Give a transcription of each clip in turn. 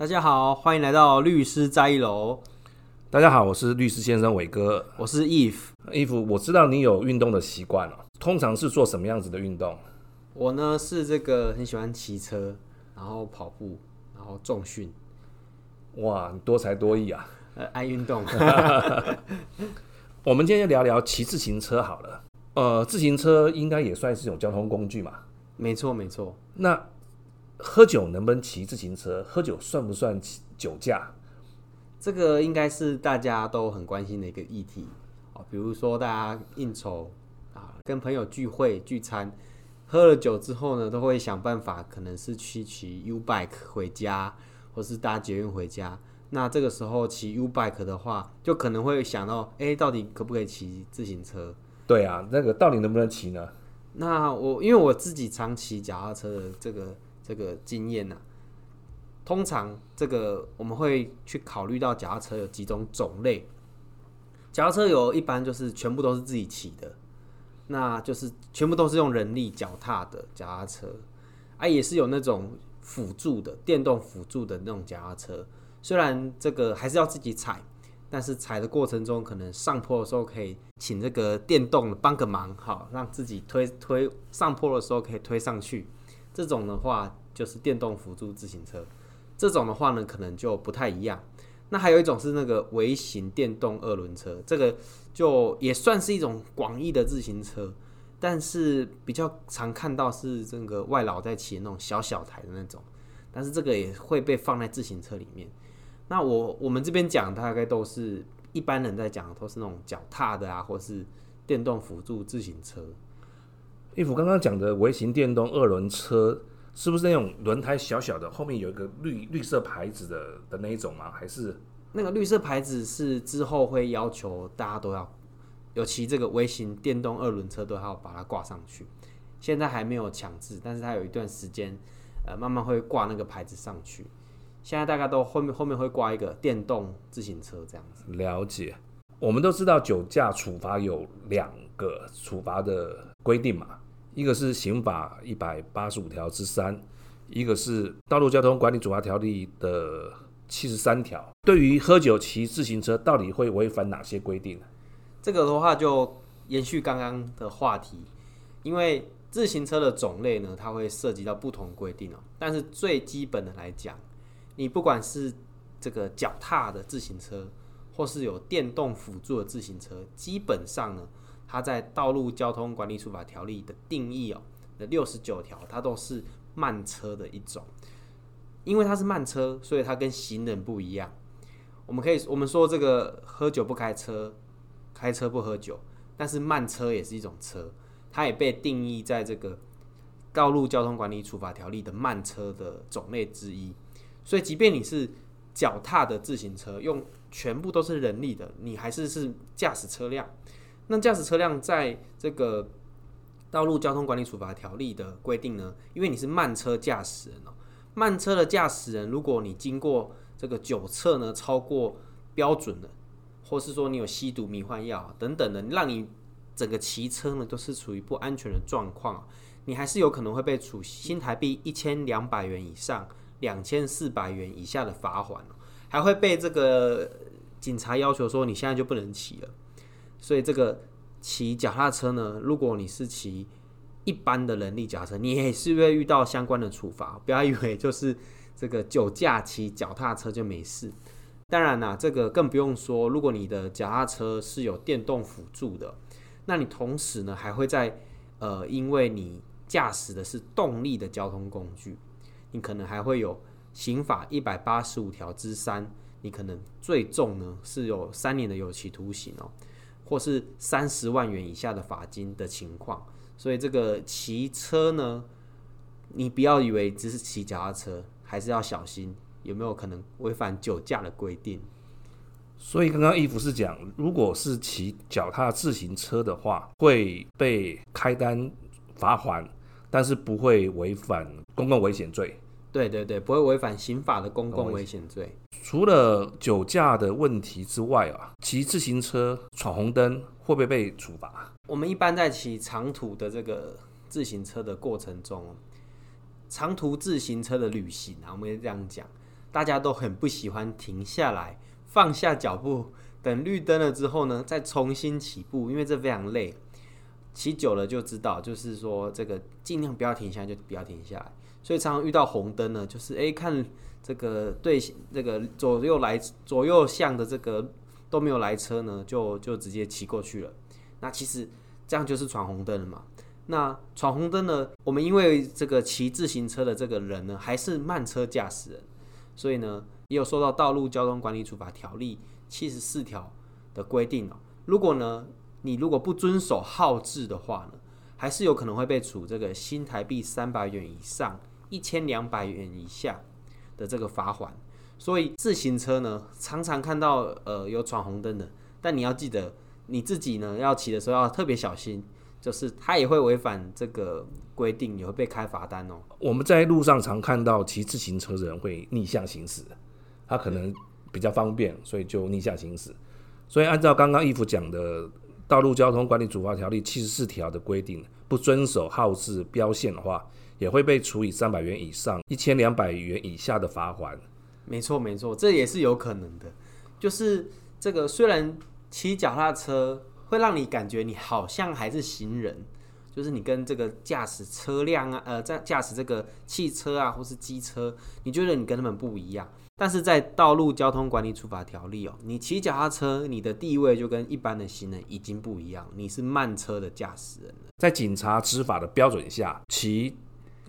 大家好，歡迎來到律師在一樓。大家好，我是律師先生偉哥，我是 Eve。Eve，我知道你有運動的習慣、哦、通常是做什麼樣子的運動？我呢是這個很喜歡騎車，然後跑步，然後重訓。哇，你多才多藝啊！呃、愛運動。 我們今天就聊聊騎自行車好了。呃，自行車應該也算是一種交通工具嘛？沒錯，沒錯。那喝酒能不能騎自行車？喝酒算不算酒駕？這個應該是大家都很關心的一個議題。比如說大家應酬啊，跟朋友聚會聚餐，喝了酒之後呢，都會想辦法，可能是去騎 U bike 回家，或是搭捷運回家。那這個時候騎 U bike 的話，就可能會想到：哎、欸，到底可不可以騎自行車？對啊，那個到底能不能騎呢？那我因為我自己常騎腳踏車的這個。這個經驗呢、啊，通常這個我們會去考慮到腳踏車有幾種種類。腳踏車有一般就是全部都是自己騎的，那就是全部都是用人力腳踏的腳踏車，啊，也是有那種輔助的電動輔助的那種腳踏車，雖然這個還是要自己踩，但是踩的過程中可能上坡的時候可以請這個電動幫個忙，好讓自己推推上坡的時候可以推上去，這種的話。就是電動輔助自行車，這種的話呢，可能就不太一樣。那還有一種是那個微型電動二輪車，這個就也算是一種廣義的自行車，但是比較常看到是這個外勞在騎那種小小台的那種，但是這個也會被放在自行車裡面。那我我們這邊講，大概都是一般人在講，都是那種腳踏的啊，或是電動輔助自行車。一福剛剛講的微型電動二輪車。是不是那種輪胎小小的，後面有一個綠綠色牌子的的那一種嗎？還是那個綠色牌子是之後會要求大家都要，尤其這個微型電動二輪車都要把它掛上去？現在還沒有強制，但是它有一段時間，呃，慢慢會掛那個牌子上去。現在大家都後面後面會掛一個電動自行車這樣子。了解，我們都知道酒駕處罰有兩個處罰的規定嘛。一個是刑法一百八十五條之三，一個是道路交通管理處罰條例的七十三條。對於喝酒騎自行車到底會違反哪些規定？這個的話就延續剛剛的話題，因為自行車的種類呢，它會涉及到不同規定哦。但是最基本的來講，你不管是這個腳踏的自行車，或是有電動輔助的自行車，基本上呢，它在《道路交通管理處罰條例》的定義哦，的六十九條，它都是慢車的一種。因為它是慢車，所以它跟行人不一樣。我們可以我們說這個喝酒不開車，開車不喝酒，但是慢車也是一種車，它也被定義在這個《道路交通管理處罰條例》的慢車的種類之一。所以，即便你是腳踏的自行車，用全部都是人力的，你還是是駕駛車輛。那駕駛車輛在這個《道路交通管理處罰條例》的規定呢？因為你是慢車駕駛人哦，慢車的駕駛人，如果你經過這個酒測呢，超過標準的，或是說你有吸毒、迷幻藥等等的，讓你整個騎車呢都是處於不安全的狀況，你還是有可能會被處新台幣一千兩百元以上兩千四百元以下的罰款哦，還會被這個警察要求說你現在就不能騎了。所以這個騎腳踏車呢，如果你是騎一般的人力腳踏車，你也是會遇到相關的處罰。不要以為就是這個酒駕騎腳踏車就沒事。當然啦、啊，這個更不用說，如果你的腳踏車是有電動輔助的，那你同時呢還會在呃，因為你駕駛的是動力的交通工具，你可能還會有刑法一百八十五條之三，你可能最重呢是有三年的有期徒刑哦、喔。或是三十萬元以下的罰金的情況，所以這個騎車呢，你不要以為只是騎腳踏車，還是要小心有沒有可能違反酒駕的規定。所以剛剛義福是講，如果是騎腳踏自行車的話，會被開單罰款，但是不會違反公共危險罪。對對對，不會違反刑法的公共危險罪。除了酒駕的問題之外啊，騎自行車闖紅燈會不會被處罰？我們一般在騎長途的這個自行車的過程中，長途自行車的旅行啊，我們也這樣講，大家都很不喜歡停下來，放下腳步，等綠燈了之後呢，再重新起步，因為這非常累。騎久了就知道，就是說這個盡量不要停下來，就不要停下來。所以常常遇到紅燈呢，就是哎看這個對這個左右來左右向的這個都沒有來車呢，就就直接騎過去了。那其實這樣就是闖紅燈了嘛。那闖紅燈呢，我們因為這個騎自行車的這個人呢還是慢車駕駛人，所以呢也有受到《道路交通管理處罰條例》七十四條的規定哦。如果呢你如果不遵守號誌的話呢，還是有可能會被處這個新台幣三百元以上。一千兩百元以下的這個罰款，所以自行車呢，常常看到呃有闖紅燈的，但你要記得你自己呢要騎的時候要特別小心，就是他也會違反這個規定，也會被開罰單哦。我們在路上常看到騎自行車的人會逆向行駛，他可能比較方便，所以就逆向行駛。所以按照剛剛義父講的《道路交通管理處罰條例》七十四條的規定，不遵守號志標線的話，也會被處以三百元以上一千兩百元以下的罰鍰。沒錯，沒錯，這也是有可能的。就是這個，雖然騎腳踏車會讓你感覺你好像還是行人，就是你跟這個駕駛車輛啊，呃，在駕駛這個汽車啊或是機車，你覺得你跟他們不一樣，但是在道路交通管理處罰條例哦，你騎腳踏車，你的地位就跟一般的行人已經不一樣，你是慢車的駕駛人了。在警察執法的標準下，騎。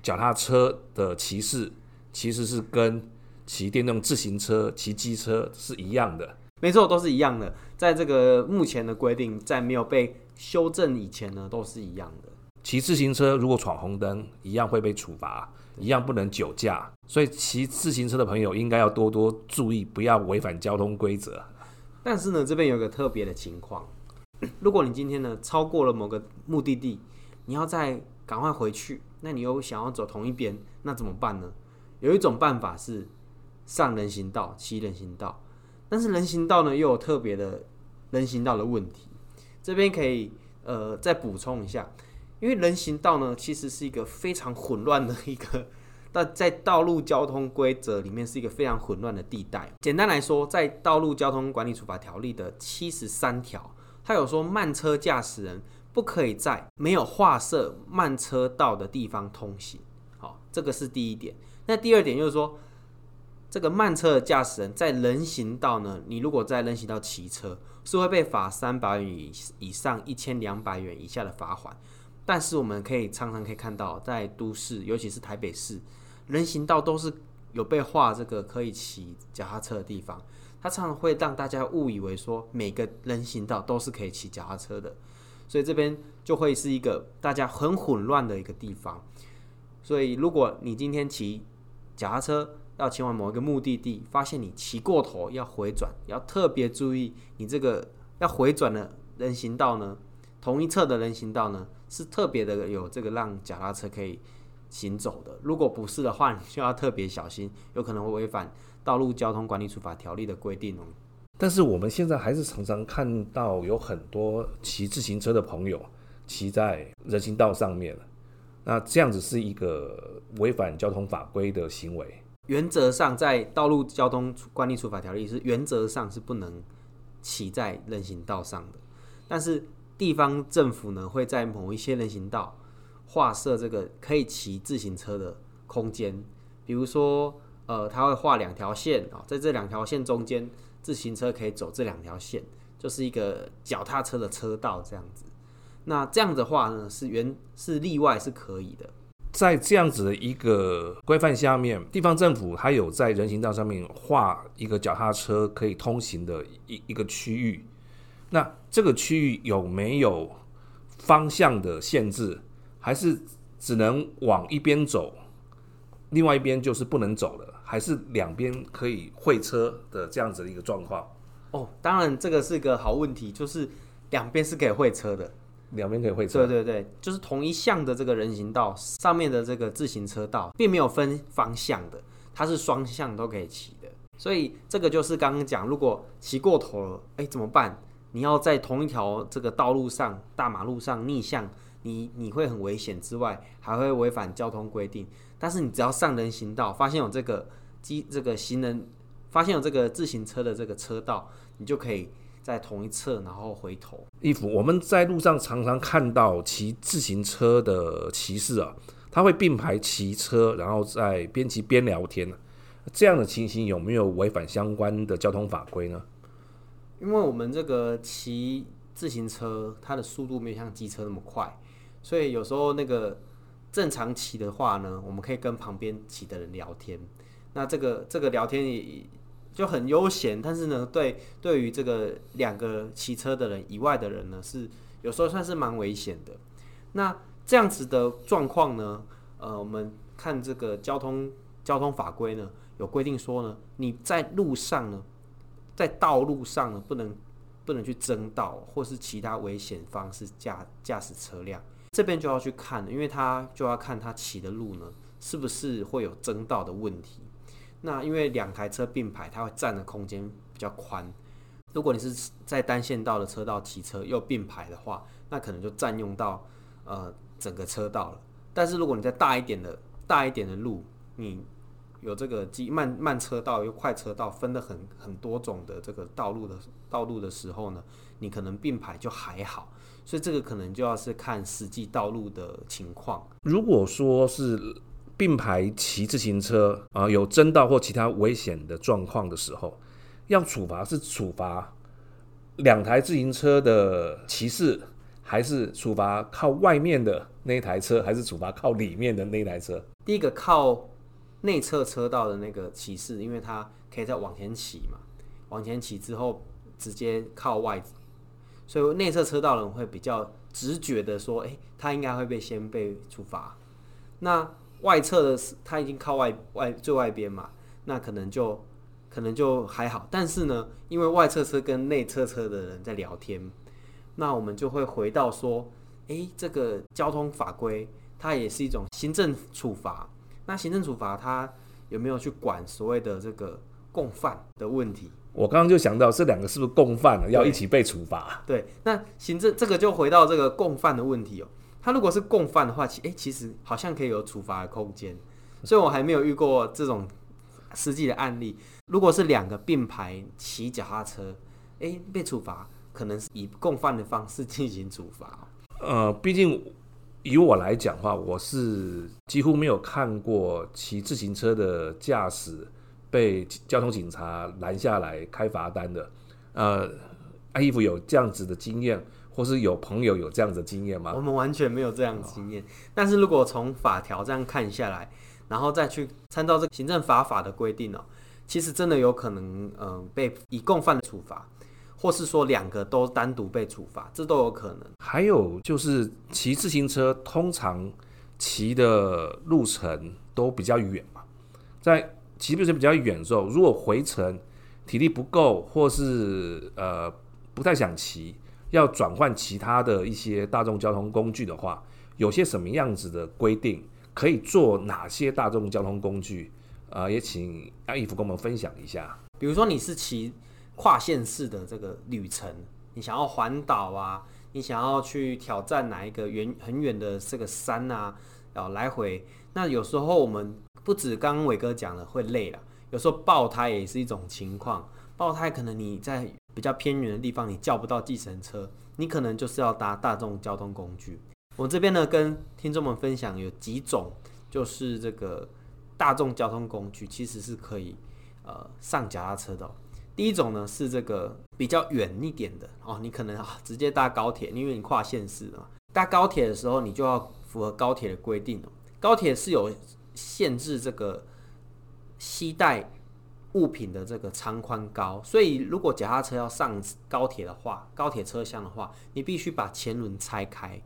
腳踏車的騎士其實是跟騎電動自行車、騎機車是一樣的，沒錯，都是一樣的。在這個目前的規定，在沒有被修正以前呢，都是一樣的。騎自行車如果闖紅燈，一樣會被處罰，一樣不能酒駕。所以騎自行車的朋友應該要多多注意，不要違反交通規則。但是呢，這邊有個特別的情況， 如果你今天呢超過了某個目的地，你要再趕快回去。那你又想要走同一邊，那怎麼辦呢？有一種辦法是上人行道，騎人行道。但是人行道呢，又有特別的人行道的問題。這邊可以呃再補充一下，因為人行道呢，其實是一個非常混亂的一個，那在道路交通規則裡面是一個非常混亂的地帶。簡單來說，在道路交通管理處罰條例的七十三條，它有說慢車駕駛人。不可以在沒有劃設慢車道的地方通行，好，這個是第一點。那第二點就是說，這個慢車的駕駛人在人行道呢，你如果在人行道騎車，是會被罰三百元以以上一千兩百元以下的罰款。但是我們可以常常可以看到，在都市，尤其是台北市，人行道都是有被畫這個可以騎腳踏車的地方，它常常會讓大家誤以為說每個人行道都是可以騎腳踏車的。所以這邊就會是一個大家很混亂的一個地方。所以如果你今天騎腳踏車要前往某一個目的地，發現你騎過頭要回轉，要特別注意你這個要回轉的人行道呢，同一側的人行道呢，是特別的有這個讓腳踏車可以行走的。如果不是的話，你需要特別小心，有可能會違反《道路交通管理處罰條例》的規定哦。但是我們現在還是常常看到有很多騎自行車的朋友騎在人行道上面了，那這樣子是一個違反交通法規的行為。原則上，在《道路交通管理處罰條例》是原則上是不能騎在人行道上的。但是地方政府呢，會在某一些人行道劃設這個可以騎自行車的空間，比如說，呃，他會畫兩條線啊，在這兩條線中間。自行車可以走這兩條線，就是一個腳踏車的車道這樣子。那這樣的話呢，是原是例外是可以的。在這樣子的一個規範下面，地方政府它有在人行道上面畫一個腳踏車可以通行的一一個區域。那這個區域有沒有方向的限制？還是只能往一邊走，另外一邊就是不能走了？還是兩邊可以會車的這樣子的一個狀況哦？當然這個是個好問題，就是兩邊是可以會車的，兩邊可以會車，對對對，就是同一向的這個人行道上面的這個自行車道並沒有分方向的，它是雙向都可以騎的，所以這個就是剛剛講，如果騎過頭了，哎，怎麼辦？你要在同一條這個道路上大馬路上逆向，你你會很危險之外，還會違反交通規定，但是你只要上人行道，發現有這個。機這個行人發現有這個自行車的這個車道，你就可以在同一側，然後回頭。衣服我們在路上常常看到騎自行車的騎士啊，他會並排騎車，然後在邊騎邊聊天呢。這樣的情形有沒有違反相關的交通法規呢？因為我們這個騎自行車，它的速度沒有像機車那麼快，所以有時候那個正常騎的話呢，我們可以跟旁邊騎的人聊天。那這個這個聊天也就很悠閒，但是呢，對對於這個兩個騎車的人以外的人呢，是有時候算是蠻危險的。那這樣子的狀況呢，呃，我們看這個交通交通法規呢，有規定說呢，你在路上呢，在道路上呢，不能不能去爭道或是其他危險方式駕駕駛車輛。這邊就要去看，因為他就要看他騎的路呢，是不是會有爭道的問題。那因為兩台車並排，它會占的空間比較寬。如果你是在單線道的車道騎車又並排的話，那可能就占用到呃整個車道了。但是如果你在大一點的、大一點的路，你有這個機慢慢車道又快車道分得很很多種的這個道路的道路的時候呢，你可能並排就還好。所以這個可能就要是看實際道路的情況。如果說是。並排騎自行車啊，有爭道或其他危險的狀況的時候，要處罰是處罰兩台自行車的騎士，還是處罰靠外面的那一台車，還是處罰靠裡面的那一台車？第一個靠內側車道的那個騎士，因為他可以在往前騎嘛，往前騎之後直接靠外，所以內側車道呢，人會比較直覺的說，誒、欸，他應該會被先被處罰。那外側的是他已經靠外外最外邊嘛，那可能就可能就還好。但是呢，因為外側車跟內側車的人在聊天，那我們就會回到說，欸，這個交通法規它也是一種行政處罰。那行政處罰它有沒有去管所謂的這個共犯的問題？我剛剛就想到這兩個是不是共犯了，對，要一起被處罰。對，那行政這個就回到這個共犯的問題喔。他如果是共犯的話，其哎其實好像可以有處罰的空間，所以我還沒有遇過這種實際的案例。如果是兩個並排騎腳踏車，哎，被處罰，可能是以共犯的方式進行處罰。呃，畢竟以我來講話，我是幾乎沒有看過騎自行車的駕駛被交通警察攔下來開罰單的。呃，艾依夫有這樣子的經驗。或是有朋友有這樣的經驗嗎？我們完全沒有這樣的經驗、哦。但是如果從法條這樣看下來，然後再去參照這個行政罰法的規定哦，其實真的有可能，嗯、呃，被以共犯的處罰，或是說兩個都單獨被處罰，這都有可能。還有就是騎自行車，通常騎的路程都比較遠嘛，在騎路程比較遠的時候，如果回程體力不夠，或是呃不太想騎。要轉換其他的一些大眾交通工具的話，有些什麼樣子的規定？可以坐哪些大眾交通工具？啊、呃，也請阿姨夫跟我們分享一下。比如說你是騎跨縣市的這個旅程，你想要環島啊，你想要去挑戰哪一個遠很遠的這個山啊，然後來回。那有時候我們不止剛剛偉哥講了會累了，有時候爆胎也是一種情況。爆胎可能你在。比較偏遠的地方，你叫不到計程車，你可能就是要搭大眾交通工具。我這邊呢，跟聽眾們分享有幾種，就是這個大眾交通工具其實是可以呃上腳踏車的、喔。第一種呢是這個比較遠一點的哦、喔，你可能啊直接搭高鐵，因為你跨縣市嘛。搭高鐵的時候，你就要符合高鐵的規定、喔，高鐵是有限制這個攜帶，物品的這個長寬高，所以如果腳踏車要上高鐵的話，高鐵車廂的話，你必須把前輪拆開，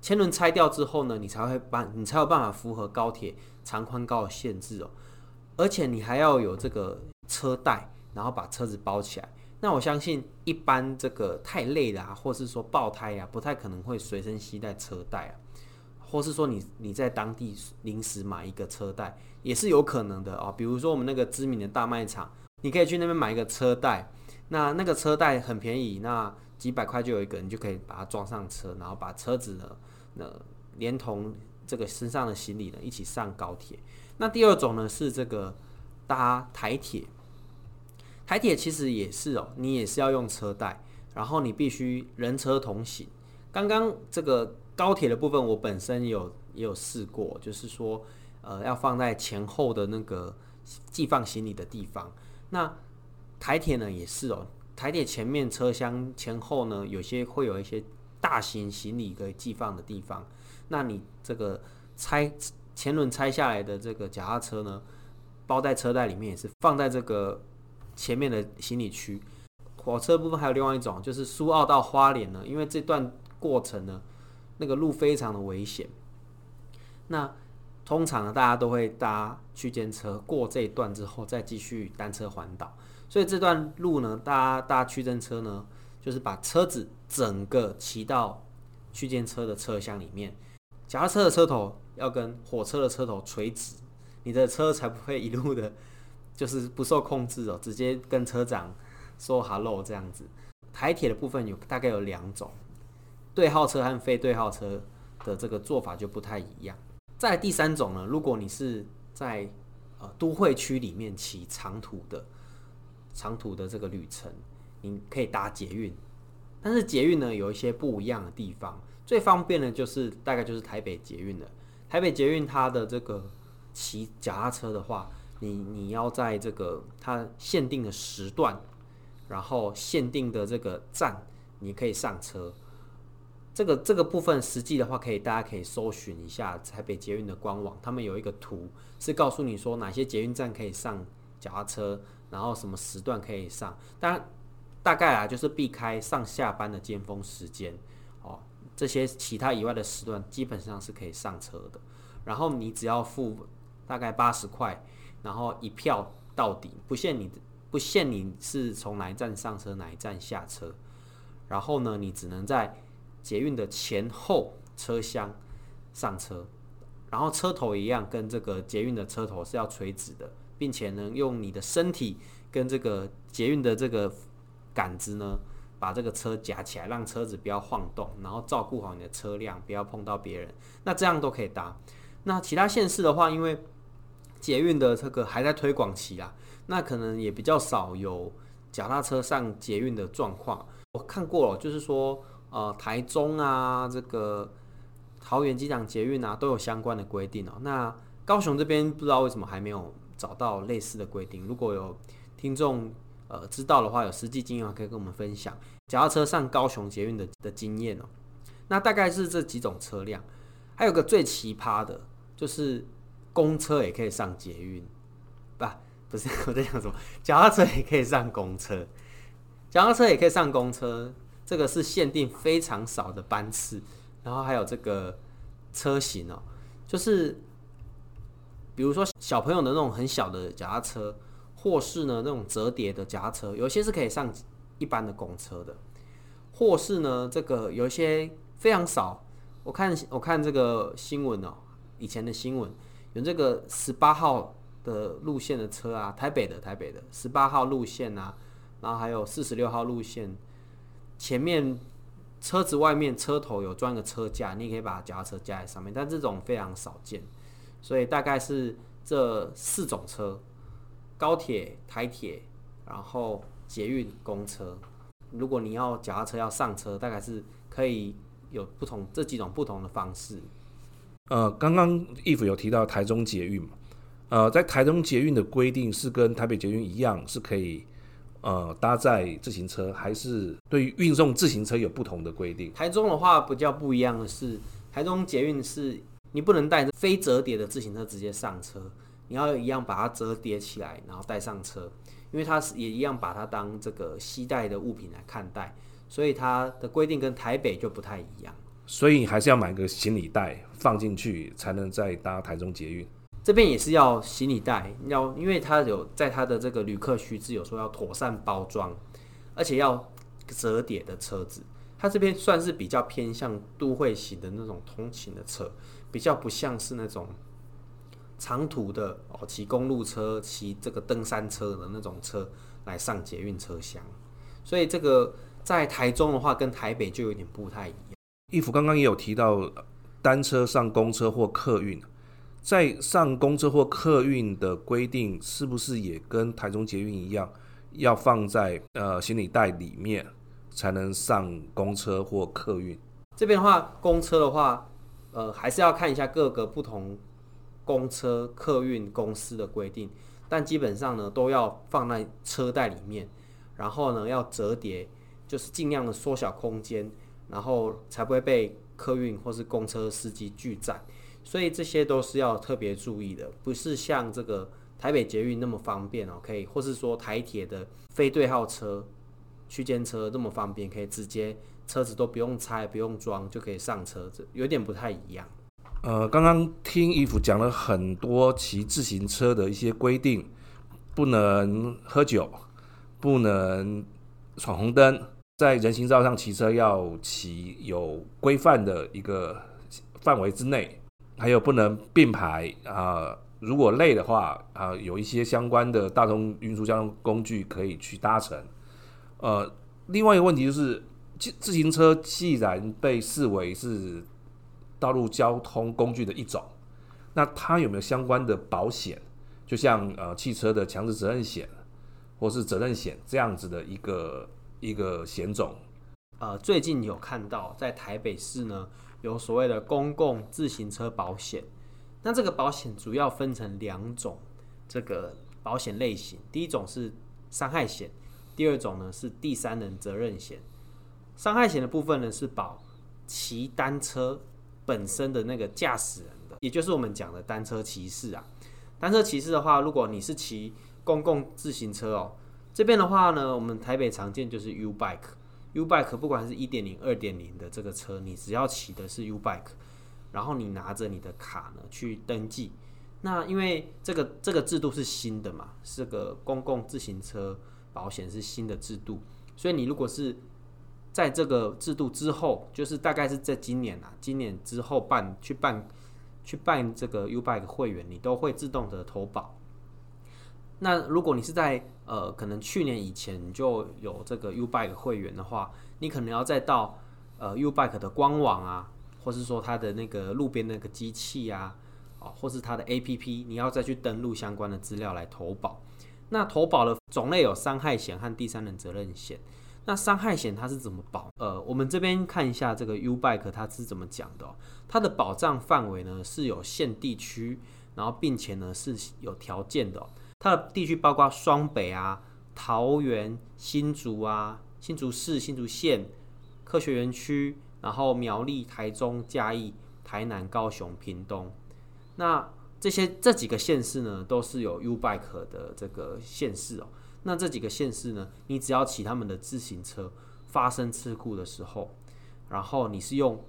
前輪拆掉之後呢，你才會辦，你才有辦法符合高鐵長寬高的限制哦。而且你還要有這個車袋，然後把車子包起來。那我相信一般這個太累了啊，或是說爆胎啊，不太可能會隨身攜帶車袋啊。或是說你你在當地臨時買一個車袋，也是有可能的哦。比如說我們那個知名的大賣場，你可以去那邊買一個車袋。那那個車袋很便宜，那幾百塊就有一個，你就可以把它裝上車，然後把車子呢，那連同這個身上的行李呢一起上高鐵。那第二種呢是這個搭台鐵，台鐵其實也是哦，你也是要用車袋，然後你必須人車同行。剛剛這個。高鐵的部分，我本身有也有試過，就是說，呃，要放在前後的那個寄放行李的地方。那台鐵呢也是哦，台鐵前面車廂前後呢有些會有一些大型行李可以寄放的地方。那你這個拆前輪拆下來的這個腳踏車呢，包在車袋裡面也是放在這個前面的行李區。火車部分還有另外一種，就是蘇澳到花蓮呢，因為這段過程呢。那個路非常的危險，那通常呢，大家都會搭區間車過這一段之後，再繼續單車環島。所以這段路呢，搭搭區間車呢，就是把車子整個騎到區間車的車廂裡面，腳踏車的車頭要跟火車的車頭垂直，你的車才不會一路的，就是不受控制哦，直接跟車長說 hello 這樣子。台鐵的部分有大概有兩種。對號車和非對號車的這個做法就不太一樣，在第三種呢，如果你是在呃都會區裡面騎長途的長途的這個旅程，你可以搭捷運。但是捷運呢，有一些不一樣的地方，最方便的就是大概就是台北捷運了。台北捷運它的這個騎腳踏車的話，你你要在這個它限定的時段，然後限定的這個站，你可以上車。這個這個部分實際的話，可以大家可以搜尋一下台北捷運的官網，他們有一個圖是告訴你說哪些捷運站可以上腳踏車，然後什麼時段可以上。當然大概啊，就是避開上下班的尖峰時間哦，這些其他以外的時段基本上是可以上車的。然後你只要付大概八十塊，然後一票到底，不限你的，不限你是從哪一站上車，哪一站下車，然後呢，你只能在。捷運的前後車廂上車，然後車頭一樣跟這個捷運的車頭是要垂直的，並且呢，用你的身體跟這個捷運的這個桿子呢，把這個車夾起來，讓車子不要晃動，然後照顧好你的車輛，不要碰到別人。那這樣都可以搭。那其他縣市的話，因為捷運的這個還在推廣期啦，那可能也比較少有腳踏車上捷運的狀況。我看過了，就是說。呃，台中啊，這個桃園機場捷運啊，都有相關的規定哦。那高雄這邊不知道為什麼還沒有找到類似的規定。如果有聽眾呃知道的話，有實際經驗可以跟我們分享，腳踏車上高雄捷運的的經驗哦，那大概是這幾種車輛。還有個最奇葩的，就是公車也可以上捷運，不，不是，不是我在想說，腳踏車也可以上公車，腳踏車也可以上公車。這個是限定非常少的班次，然後還有這個車型哦，就是比如說小朋友的那種很小的腳踏車，或是呢那種折疊的腳踏車，有些是可以上一般的公車的，或是呢這個有些非常少，我看我看這個新聞哦，以前的新聞有這個十八號的路線的車啊，台北的台北的十八號路線啊，然後還有四十六號路線。前面車子外面車頭有裝個車架，你也可以把它腳踏車架在上面，但這種非常少見，所以大概是這四種車：高鐵、台鐵，然後捷運、公車。如果你要腳踏車要上車，大概是可以有不同這幾種不同的方式。呃，剛剛 Eve 有提到台中捷運嘛，呃，在台中捷運的規定是跟台北捷運一樣，是可以。呃，搭載自行車還是對於運送自行車有不同的規定。台中的話比較不一樣的是，台中捷運是你不能帶非折疊的自行車直接上車，你要一樣把它折疊起來，然後帶上車，因為它是也一樣把它當這個攜帶的物品來看待，所以它的規定跟台北就不太一樣。所以你還是要買個行李袋放進去，才能再搭台中捷運。這邊也是要行李袋，要，因為它有在它的這個旅客須知有說要妥善包裝，而且要折疊的車子。它這邊算是比較偏向都會型的那種通勤的車，比較不像是那種長途的哦，騎公路車、騎這個登山車的那種車來上捷運車廂。所以這個在台中的話，跟台北就有點不太一樣。一福剛剛也有提到，單車上公車或客運，在上公車或客運的規定，是不是也跟台中捷運一樣，要放在呃行李袋裡面才能上公車或客運？這邊的話，公車的話，呃，還是要看一下各個不同公車客運公司的規定，但基本上呢，都要放在車袋裡面，然後呢要折疊，就是盡量的縮小空間，然後才不會被客運或是公車司機拒載。所以這些都是要特別注意的，不是像這個台北捷運那麼方便哦，可以，或是說台鐵的非對號車、區間車那麼方便，可以直接車子都不用拆、不用裝就可以上車子，有點不太一樣。呃，剛剛聽衣服講了很多騎自行車的一些規定，不能喝酒，不能闖紅燈，在人行道上騎車要騎有規範的一個範圍之內。還有不能並排啊，呃，如果累的話啊，呃，有一些相關的大眾運輸交通工具可以去搭乘。呃，另外一個問題就是，自自行車既然被視為是道路交通工具的一種，那它有沒有相關的保險？就像呃汽車的強制責任險或是責任險這樣子的一個一個險種。呃，最近有看到在台北市呢，有所謂的公共自行車保險，那這個保險主要分成兩種這個保險類型，第一種是傷害險，第二種呢是第三人責任險。傷害險的部分呢是保騎單車本身的那個駕駛人的，也就是我們講的單車騎士啊。單車騎士的話，如果你是騎公共自行車哦，這邊的話呢，我們台北常見就是 U-Bike。U bike，不管是一點零、二點零的這個車，你只要騎的是 U bike，然後你拿着你的卡呢去登記。那因為這個這個制度是新的嘛，是個公共自行車保險是新的制度，所以你如果是在這個制度之後，就是大概是在今年啊，今年之後辦，去辦去辦這個 U bike 會員，你都會自動的投保。那如果你是在呃，可能去年以前你就有這個 U-Bike 會員的話，你可能要再到呃 U-Bike 的官網啊，或是說它的那個路邊的那個機器啊，啊、哦，或是它的 APP，你要再去登錄相關的資料來投保。那投保的種類有傷害險和第三人責任險。那傷害險它是怎麼保？呃，我們這邊看一下這個 U-Bike 它是怎麼講的、哦。它的保障範圍呢是有限地區，然後并且呢是有條件的、哦。地區包括雙北啊、桃園、新竹啊、新竹市、新竹縣、科學園區，然後苗栗、台中、嘉義、台南、高雄、屏東。那這些這幾個縣市呢，都是有 Ubike 的這個縣市哦、喔。那這幾個縣市呢，你只要騎他們的自行車，發生事故的時候，然後你是用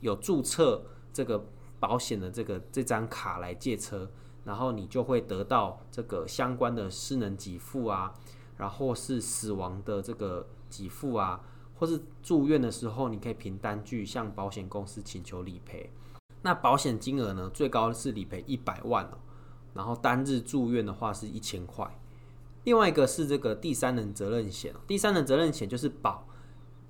有注冊這個保險的這個這張卡來借車。然後你就會得到這個相關的失能給付啊，然後是死亡的這個給付啊，或是住院的時候，你可以憑單據向保險公司請求理賠。那保險金額呢，最高是理賠一百萬哦。然後單日住院的話是一千塊。另外一個是這個第三人責任險，第三人責任險就是保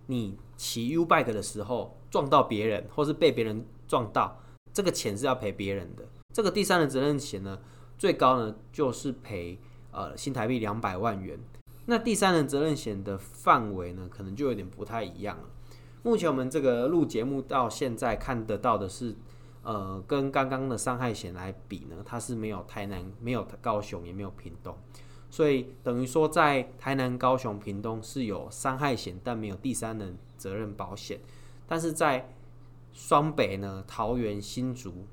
你騎 Ubike 的時候撞到別人，或是被別人撞到，這個錢是要賠別人的。這個第三人責任險呢，最高呢就是賠呃新台幣兩百萬元。那第三人責任險的範圍呢，可能就有點不太一樣了。目前我們這個錄節目到現在看得到的是，呃，跟剛剛的傷害險來比呢，它是沒有台南、沒有高雄、也沒有屏東，所以等於說在台南、高雄、屏東是有傷害險，但沒有第三人責任保險。但是在雙北呢、桃園、新竹。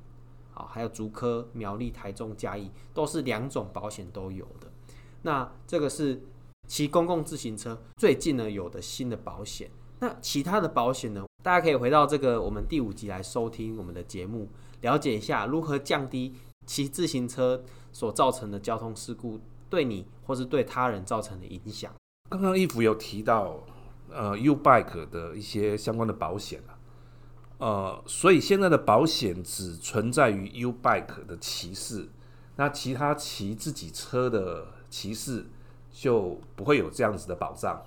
啊，還有竹科、苗栗、台中、嘉義都是兩種保險都有的。那這個是騎公共自行車最近呢有的新的保險。那其他的保險呢，大家可以回到這個我們第五集來收聽我們的節目，了解一下如何降低騎自行車所造成的交通事故對你或是對他人造成的影響。剛剛一夫有提到，呃，U Bike 的一些相關的保險。呃，所以現在的保險只存在於 U Bike 的騎士，那其他騎自己車的騎士就不會有這樣子的保障。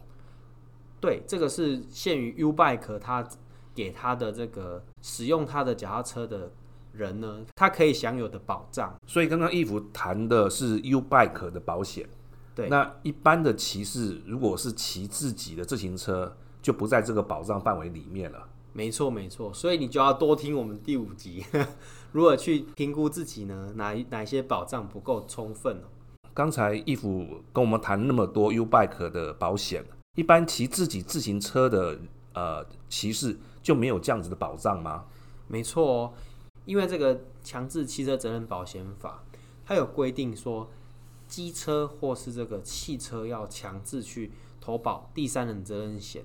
對，這個是限於 U Bike 他給他的這個使用他的腳踏車的人呢，他可以享有的保障。所以剛剛一福談的是 U Bike 的保險，對，那一般的騎士如果是騎自己的自行車，就不在這個保障範圍裡面了。沒錯，沒錯，所以你就要多聽我們第五集，呵呵，如何去評估自己呢？哪哪一些保障不夠充分哦？剛才義父跟我們談那麼多 U-Bike 的保險，一般騎自己自行車的呃騎士就沒有這樣子的保障嗎？沒錯哦，因為這個強制汽車責任保險法，它有規定說機車或是這個汽車要強制去投保第三人責任險，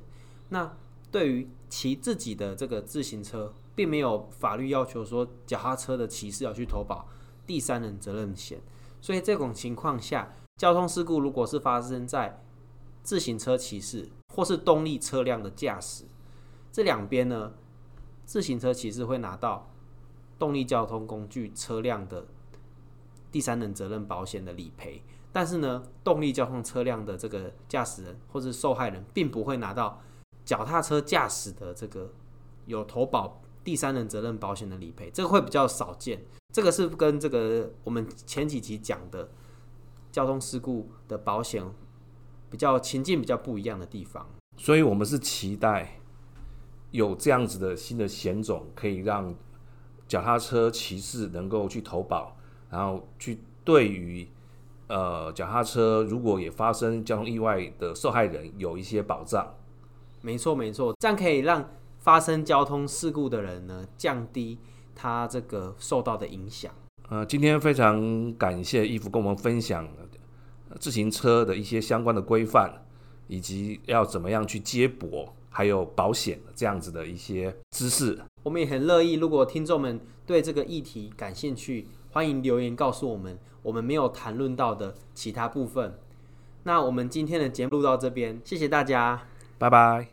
那，對於騎自己的這個自行車，並沒有法律要求說腳踏車的騎士要去投保第三人責任險。所以這種情況下，交通事故如果是發生在自行車騎士或是動力車輛的駕駛，這兩邊呢，自行車騎士會拿到動力交通工具車輛的第三人責任保險的理賠，但是呢，動力交通車輛的這個駕駛人或是受害人並不會拿到。腳踏車駕駛的這個有投保第三人責任保險的理賠，這個會比較少見。這個是跟這個我們前幾集講的交通事故的保險比較情境比較不一樣的地方。所以，我們是期待有這樣子的新的險種，可以讓腳踏車騎士能夠去投保，然後去對於呃腳踏車如果也發生交通意外的受害人有一些保障。沒錯，沒錯，這樣可以讓發生交通事故的人呢，降低他這個受到的影響。呃，今天非常感謝義父跟我們分享自行車的一些相關的規範，以及要怎麼樣去接駁，還有保險這樣子的一些知識。我們也很樂意，如果聽眾們對這個議題感興趣，歡迎留言告訴我們，我們沒有談論到的其他部分。那我們今天的節目錄到這邊，謝謝大家。拜拜。